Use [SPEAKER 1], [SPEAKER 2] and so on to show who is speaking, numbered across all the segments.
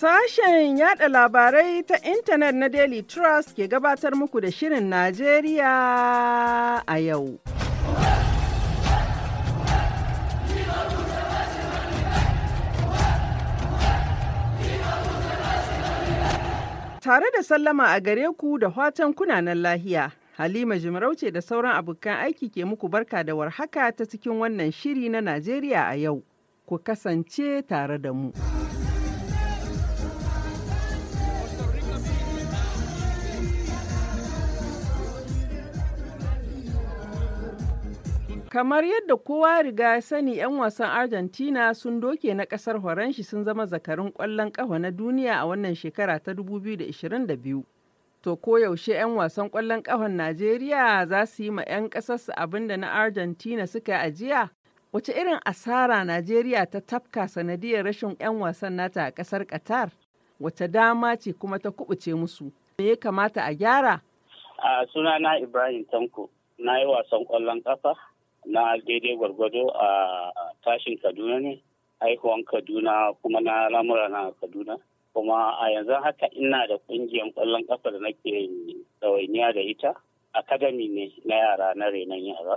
[SPEAKER 1] Sashen yada labarai ta intanet na Daily Trust ke gabatar muku da Shirin Najeriya a yau. Tare da sallama a gare ku da watan kunanan lahiya. Halima Jimarauce da sauran abokan aiki ke muku barka da warhaka ta cikin wannan shiri na Najeriya a yau. Ku kasance tare da mu. Kamar yadda kowa riga ya sani 'yan wasan Argentina sun doke na kasar Horanshi sun zama zakarun kwallon ƙafa na duniya a wannan shekara ta 2022. To koyaushe 'yan wasan kwallon ƙafan Najeriya za su yi ma 'yan ƙasarsu abin da na Argentina suka ajiya? Wace irin asara Najeriya ta tafka sanadiyar rashin 'yan wasan nata a ƙasar Qatar? Wace dama ce kuma ta kubuce musu? Me ya kamata a gyara?
[SPEAKER 2] A sunana Ibrahim Tanko, na yi wasan ƙwallon ƙafa na daidai gwargwado a tashin kaduna ne haihuwan kaduna kuma na lamura na kaduna kuma a yanzu haka ina da kungiyar kwallon kafa da nake ɗawainiya da ita akadami ne na yara na renon yara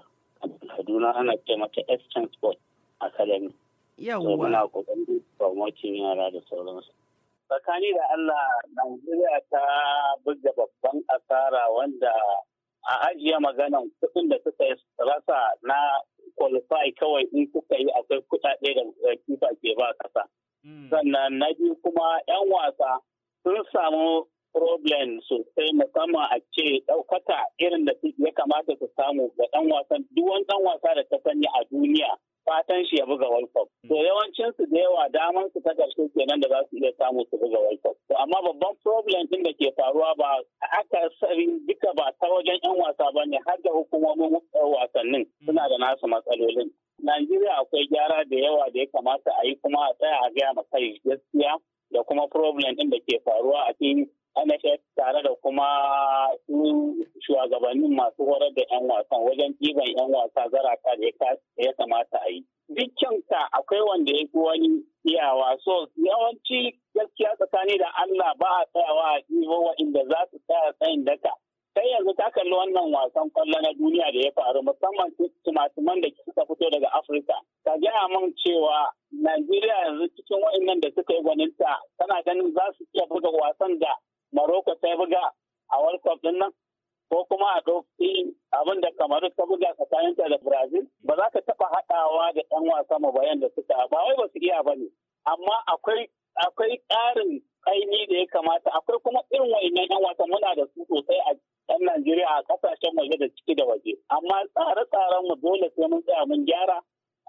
[SPEAKER 2] kaduna ana ce mata exchange sport academy yawwa muna kokarin promoting
[SPEAKER 3] yara da sauransu
[SPEAKER 2] tsakani da allah najeriya ta buga babban asara wanda a ajiye maganan kuɗin da suka rasa na qualify kawai in kuka yi akwai kuɗaɗe da kifa ke ba kasa. Hmm. Sannan na biyu kuma 'yan wasa sun samu problem sosai musamman a ce ɗaukaka irin da ya kamata su samu ga ɗan wasan duk wani ɗan wasa da ta sanya a duniya fatan shi ya buga World Cup. To yawancin su da yawa daman su ta karshe kenan da za su iya samu su buga World Cup. To amma babban problem din da ke faruwa ba aka sari duka ba ta wajen 'yan wasa ba ne har da hukumomin eh, wasannin suna da nasu matsalolin. Najeriya akwai gyara da yawa da ya kamata a yi kuma a tsaya a gaya ma kai gaskiya da kuma problem din da ke faruwa a cikin NHS tare da kuma shugabannin masu horar da 'yan wasan wajen ɗiban 'yan wasa garaka da ya kamata a yi. Dukkanka akwai wanda ya fi wani iyawa so yawanci gaskiya tsakani da Allah ba a tsayawa a ɗibo waɗanda za su tsaya tsayin daka. Sai yanzu ta kalli wannan wasan kwallo na duniya da ya faru musamman tumatuman da suka fito daga Afirka. Ka gaya min cewa Najeriya yanzu cikin waɗannan da suka yi gwaninta tana ganin za su iya buga wasan da din nan ko kuma a ɗauki abin da kamaru ta buga tsakaninta da brazil ba za ka taɓa haɗawa da ɗan wasa mu bayan da suka ba wai ba su iya ba ne amma akwai ƙarin kaini da ya kamata akwai kuma irin wa'innan yan wasa muna da su sosai a ɗan Najeriya a kasashen waje da ciki da waje amma tsare-tsaren mu dole sai mun tsaya mun gyara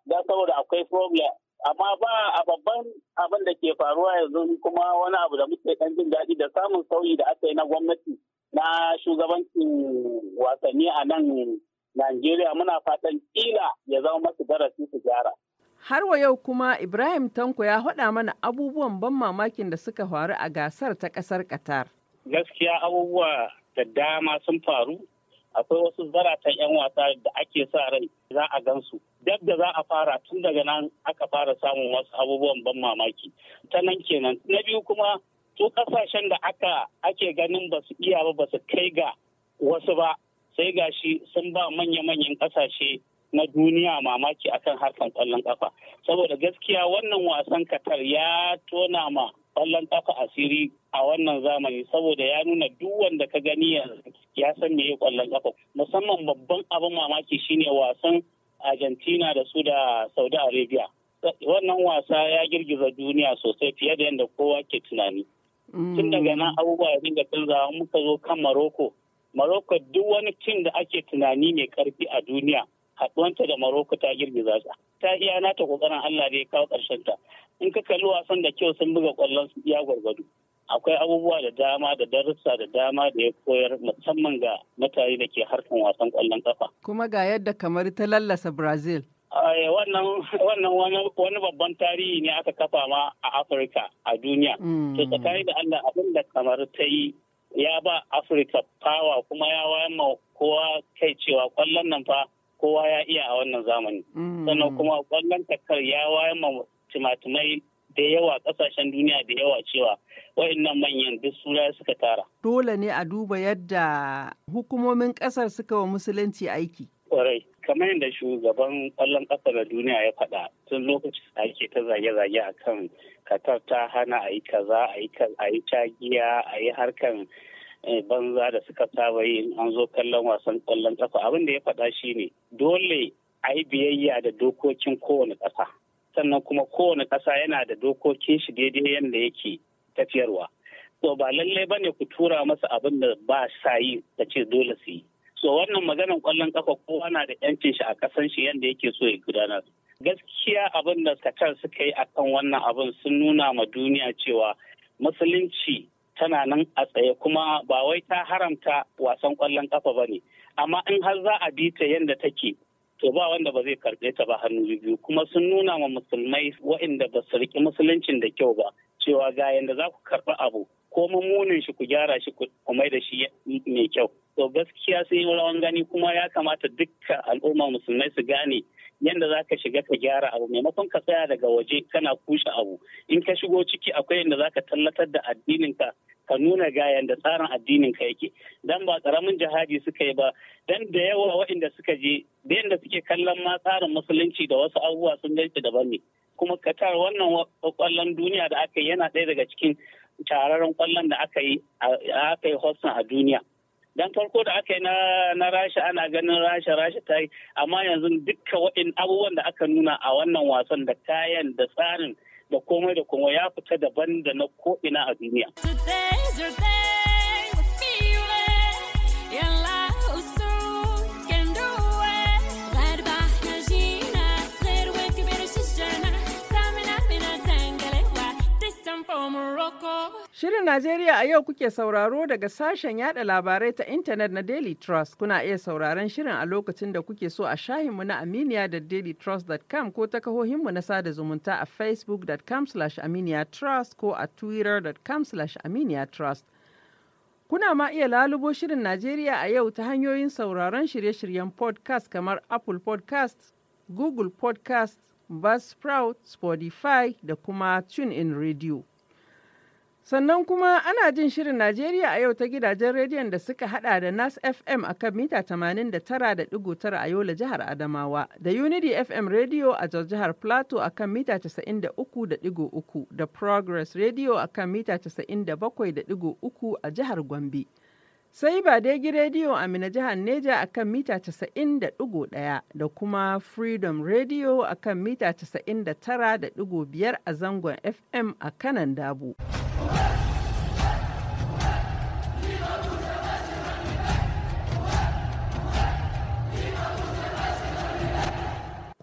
[SPEAKER 2] da saboda akwai problem amma ba a babban abin da ke faruwa yanzu kuma wani abu da muke ɗan jin daɗi da samun sauyi da aka yi na gwamnati na shugabancin wasanni a nan Najeriya muna fatan kila ya zama masu darasi su gyara.
[SPEAKER 1] Har wa yau kuma Ibrahim Tanko ya haɗa mana abubuwan ban mamakin da suka faru a gasar ta ƙasar Qatar.
[SPEAKER 2] Gaskiya abubuwa da dama sun faru akwai wasu zaratan 'yan wasa da ake sa rai za a gansu dab da za a fara tun daga nan aka fara samun wasu abubuwan ban mamaki ta nan kenan na biyu kuma su kasashen da aka ake ganin ba su iya ba ba su kai ga wasu ba sai gashi sun ba manya-manyan kasashe na duniya mamaki akan harkan kwallon kafa saboda gaskiya wannan wasan katar ya tona ma kwallon kafa asiri a wannan zamani saboda ya nuna duk wanda ka gani ya san me ya kwallon kafa musamman babban abin mamaki shine wasan argentina da su da saudi arabia wannan wasa ya girgiza duniya sosai fiye da yadda kowa ke tunani Tun daga nan abubuwa ya dinga canzawa muka zo kan Maroko. Maroko duk wani cin da ake tunani mai karfi a duniya haɗuwanta da Maroko ta girgiza ta. Ta iya nata kokarin Allah da ya kawo ƙarshen ta. In ka kalli wasan da kyau sun buga ƙwallon ya gwargwado. Akwai abubuwa da dama da darussa da dama da ya koyar musamman ga mutane da ke harkan wasan ƙwallon kafa.
[SPEAKER 1] Kuma ga yadda kamar ta lallasa Brazil.
[SPEAKER 2] Eh, wannan wani babban tarihi ne aka kafa ma a afirka a duniya mm. to tsakani da allah abin da kamar ta yi ya ba afirka fawa kuma ya wayan kowa kai cewa kwallon nan fa kowa ya iya a wannan zamani mm. sannan kuma kwallon takar ya wayan ma timatimai da yawa kasashen duniya da yawa cewa wayannan manyan duk suna suka tara
[SPEAKER 1] dole ne a duba yadda hukumomin kasar suka wa musulunci aiki
[SPEAKER 2] kamar yadda shugaban kwallon ƙasa na duniya ya faɗa tun lokacin da ake ta zage-zage a kan katar ta hana a yi kaza a yi cagiya a yi harkan eh, banza da suka saba yi an zo kallon wasan kwallon kasa abin da ya faɗa ne dole a yi biyayya da dokokin kowane ƙasa sannan kuma kowane kasa yana da dokokin shi daidai yadda yake tafiyarwa to ba lallai bane ku tura masa abin da ba sa yi ka ce dole su yi So wannan maganan kwallon kafa kowa na da yancin shi a kasan shi yadda yake so ya gudanar. Gaskiya abin da kacal suka yi akan wannan abin sun nuna ma duniya cewa musulunci tana nan a tsaye kuma ba wai ta haramta wasan kwallon kafa ba ne. Amma in har za a bi ta yadda take to ba wanda ba zai karɓe ta ba hannu biyu kuma sun nuna ma musulmai waɗanda ba su riƙi musuluncin da kyau ba cewa ga yadda za ku karɓi abu ko munin shi ku gyara shi ku mai da shi mai kyau to gaskiya sun yi rawan gani kuma ya kamata dukkan al'umma musulmai su gane yadda za ka shiga ka gyara abu maimakon ka tsaya daga waje kana kushe abu in ka shigo ciki akwai yadda za ka tallatar da addininka ka nuna ga yadda tsarin addinin ka yake dan ba karamin jihadi suka yi ba dan da yawa waɗanda suka je da yadda suke kallon ma tsarin musulunci da wasu abubuwa sun ganci daban ne kuma katar wannan kwallon duniya da aka yi yana ɗaya daga cikin tararen kwallon da aka yi aka yi Hudson a duniya dan farko da aka yi na rasha ana ganin rasha rasha ta yi amma yanzu dukkan wa'in abubuwan da aka nuna a wannan wasan da kayan da tsarin da komai da komai ya fita daban da na ko'ina a duniya.
[SPEAKER 1] Shirin Najeriya a yau kuke sauraro daga sashen yada labarai ta intanet na Daily Trust. Kuna iya sauraron shirin a lokacin da kuke so a shahinmu na Aminiya da ko ta kahohinmu na sada zumunta a facebook.com slash aminiyatrust ko a twitter.com slash aminiyatrust. Kuna ma iya lalubo shirin Najeriya a yau ta hanyoyin sauraron shirye-shiryen podcast kamar Apple podcast, Google podcast, Buzzsprout, Spotify da kuma TuneIn Radio. Sannan kuma ana jin shirin Najeriya a yau ta gidajen rediyon da suka hada da Nas FM a kan mita 89.9 a Yola jihar Adamawa, da Unity FM Radio a jihar Plateau a kan mita 93.3 da Progress Radio a kan mita 97.3 a jihar Gombe. Sai ba Badegi rediyo a Mina jihar Neja a kan mita 90.1 da kuma Freedom Radio a kan mita 99.5 a zangon FM a kanan Dabo.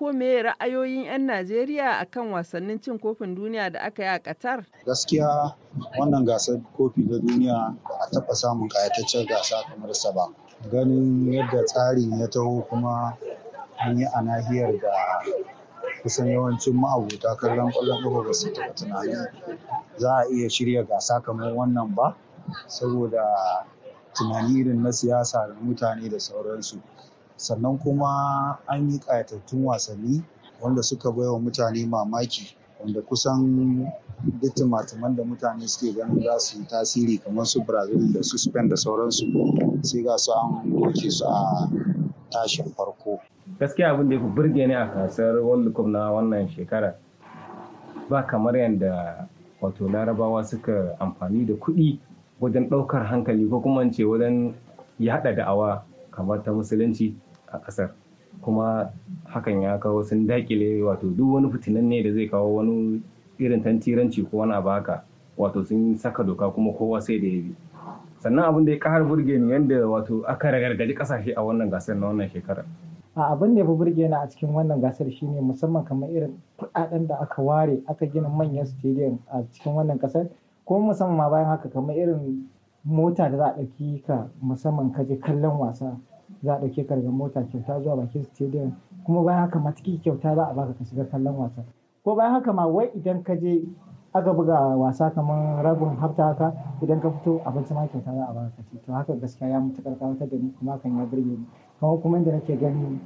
[SPEAKER 1] ko me ra'ayoyin 'yan Najeriya a kan wasannin cin kofin duniya da aka yi a Qatar?
[SPEAKER 2] Gaskiya wannan gasar kofi na duniya ba a taɓa samun ƙayataccen gasa kamar sa ba. Ganin yadda tsarin ya taho kuma an yi a nahiyar da kusan yawancin ma'abuta kallon
[SPEAKER 3] kwallon ƙafa ba su taɓa tunani
[SPEAKER 2] za a iya shirya gasa kamar wannan ba saboda tunani irin na siyasa da mutane da sauransu sannan kuma an yi ƙayatattun wasanni wanda suka baiwa mutane mamaki wanda kusan duk tumatuman da mutane suke ganin za su yi tasiri kamar su brazil da su spain da sauransu sai ga su an doke su a tashin farko gaskiya abin da ya fi burge ni a kasar world cup na wannan shekara ba kamar yadda wato larabawa suka amfani da kuɗi wajen ɗaukar hankali ko kuma ce wajen yaɗa da'awa kamar ta musulunci a ƙasar kuma hakan ya kawo sun dakile wato duk wani fitinan ne da zai kawo wani irin tantiranci ko wani abu wato sun saka doka kuma kowa sai da ya bi sannan abin da ya ƙara burge ni yadda wato aka ragargaji ƙasashe a wannan gasar na wannan shekarar a abin da ya fi burge ni a cikin wannan gasar shi ne musamman kamar irin kuɗaɗen da aka ware aka gina manyan stadium a cikin wannan kasar ko musamman ma bayan haka kamar irin mota da za a ɗauki ka musamman ka je kallon wasa za a ɗauke ka daga mota kyauta zuwa bakin stadium kuma bayan haka cikin kyauta za a baka ka shiga kallon wasa ko bayan haka ma wai idan ka je aka buga wasa kamar rabin hafta haka idan ka fito abinci ma kyauta za a ba ka to haka gaskiya ya mutukar kawatar da ni kuma kan ya burge ni kuma kuma inda nake gani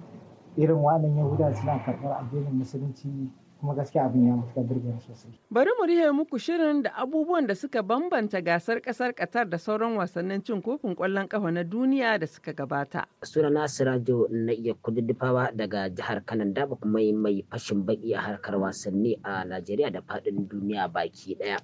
[SPEAKER 2] irin wa'annan yahuda suna karɓar addinin musulunci kuma gaskiya abin ya mutu sosai.
[SPEAKER 1] Bari mu rihe muku shirin da abubuwan da suka bambanta gasar kasar Qatar da sauran wasannin cin kofin kwallon kafa na duniya da suka gabata.
[SPEAKER 3] sunan Sirajo na iya kududdufawa daga jihar Kano da kuma mai fashin baki a harkar wasanni a Najeriya da faɗin duniya baki ɗaya.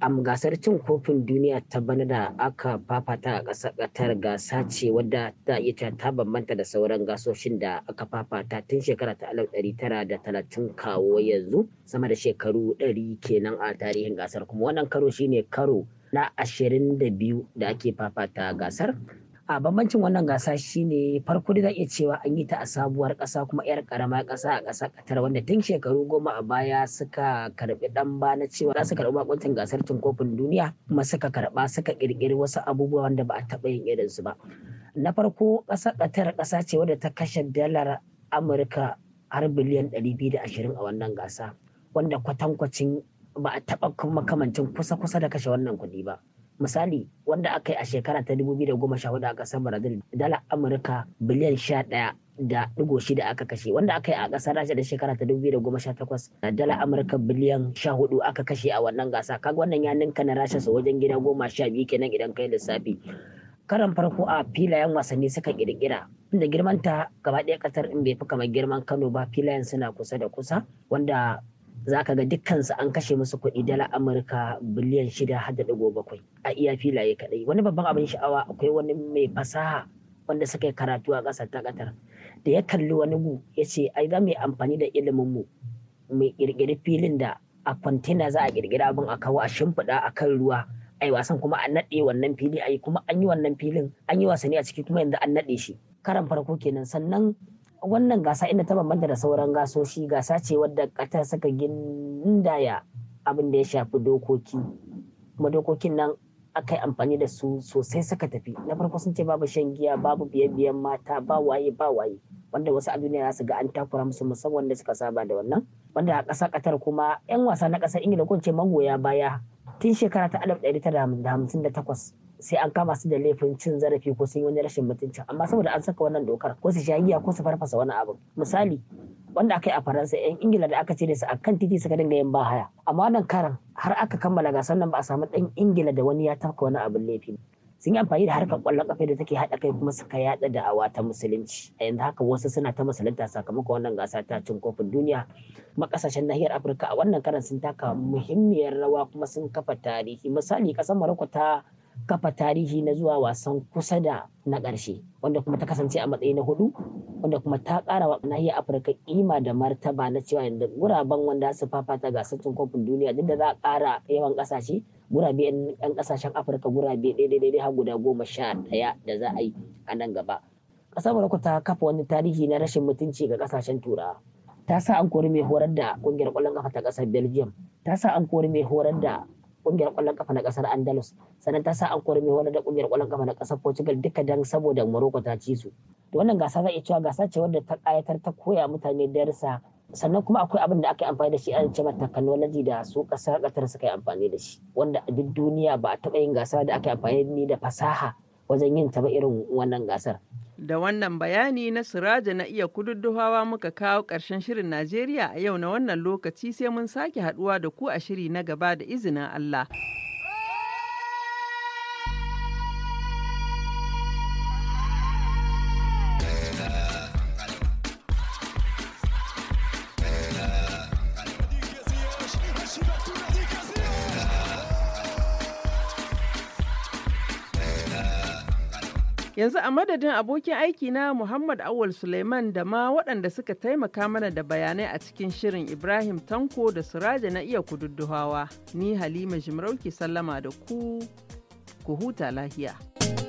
[SPEAKER 3] a gasar cin kofin duniya ta bana da aka fafata a ƙasar ƙatar gasa ce wadda ta iya ta bambanta da sauran gasoshin da aka fafata tun shekara ta alif ɗari tara da talatin kawo yanzu sama da shekaru ɗari kenan a tarihin gasar kuma wannan karo shine karo na ashirin da biyu da ake fafata gasar a bambancin wannan gasa shine farko da za iya cewa an yi ta a sabuwar ƙasa kuma 'yar ƙarama kasa a kasa katar wanda tun shekaru goma a baya suka karbi dan ba na cewa za su karbi bakuncin gasar cin kofin duniya kuma suka karba suka kirkiri wasu abubuwa wanda ba a taba yin irin su ba na farko ƙasar katar kasa ce wadda ta kashe dalar Amurka har biliyan 220 a wannan gasa wanda kwatankwacin ba a taɓa makamancin kusa-kusa da kashe wannan kuɗi ba. misali wanda aka yi a shekara ta 2014 a ƙasar brazil dala amurka biliyan 11 da digo shida aka kashe wanda aka yi a kasar rasha da shekara ta 2018 dala amurka biliyan 14 aka kashe a wannan gasa kaga wannan ya ninka na rasha su wajen gida goma sha biyu kenan idan kai lissafi karan farko a filayen wasanni suka kirkira inda girmanta gaba ɗaya ƙasar in bai fi kamar girman kano ba filayen suna kusa da kusa wanda za ka ga dukkansu an kashe musu kuɗi dala amurka biliyan shida har da ɗigo bakwai a iya filaye kaɗai wani babban abin sha'awa akwai wani mai fasaha wanda suka yi karatu a ƙasar ta ƙatar da ya kalli wani gu ya ce ai za mu yi amfani da ilimin mu mu ƙirƙiri filin da a kwantena za a ƙirƙiri abin a kawo a shimfiɗa a kan ruwa ai wasan kuma a naɗe wannan fili ai kuma an yi wannan filin an yi wasanni a ciki kuma yanzu an naɗe shi karan farko kenan sannan wannan gasa inda ta bambanta da sauran gasoshi gasa ce wadda ƙatar saka gindaya abin da ya shafi dokoki kuma dokokin nan aka yi amfani da su sosai saka tafi na farko sun ce babu shan giya babu biye-biyen mata ba waye ba waye wanda wasu a duniya su ga an takura musu musamman wanda suka saba da wannan wanda a ƙasa ƙatar kuma 'yan wasa na ƙasar ingila ko ce magoya baya tun shekara ta 1958 sai an kama su da laifin cin zarafi ko sun yi wani rashin mutunci amma saboda an saka wannan dokar ko su shagiya ko su farfasa wani abu misali wanda aka yi a faransa yan ingila da aka ce da su akan titi suka dinga yin bahaya amma wannan karan har aka kammala gasar nan ba a samu dan ingila da wani ya tafka wani abin laifi sun yi amfani da harkar kwallon kafa da take haɗa kai kuma suka yada da'awa ta musulunci a yanzu haka wasu suna ta musulunta sakamakon wannan gasa ta cin kofin duniya kuma nahiyar afirka a wannan karan sun taka muhimmiyar rawa kuma sun kafa tarihi misali kasar maroko ta kafa tarihi na zuwa wasan kusa da na ƙarshe wanda kuma ta kasance a matsayi na hudu wanda kuma ta ƙara wa nahiyar afirka ƙima da martaba na cewa yadda guraben wanda su fafata gasar cin kofin duniya duk da za a ƙara yawan ƙasashe gurabe yan ƙasashen afirka gurabe ɗaya har guda goma sha ɗaya da za a yi a nan gaba ƙasar Morocco ta kafa wani tarihi na rashin mutunci ga ƙasashen turawa ta sa an kori mai horar da ƙungiyar ƙwallon ƙafa ta ƙasar belgium ta sa an kori mai horar da kungiyar kwallon kafa na kasar Andalus sannan ta sa an kori mai wani da kungiyar kwallon kafa na kasar Portugal duka dan saboda Morocco ta ci su to wannan gasa za a cewa gasa ce wadda ta kayatar ta koya mutane darsa sannan kuma akwai abin da aka yi amfani da shi an ce mata technology da su kasar Qatar suka yi amfani da shi wanda a duk duniya ba a taɓa yin gasa da aka yi amfani da fasaha wajen yin ta ba irin wannan gasar
[SPEAKER 1] Da wannan bayani na Siraja na iya kududduhawa muka kawo ƙarshen shirin Najeriya a yau na wannan lokaci sai mun sake haɗuwa da ku a shiri na gaba da izinin Allah. Yanzu a madadin abokin aiki na Muhammad Awal Suleiman da ma waɗanda suka taimaka mana da bayanai a cikin shirin Ibrahim Tanko da Suraja na iya kududduhawa. Ni Halima Jimarauki sallama da ku, ku huta lahiya.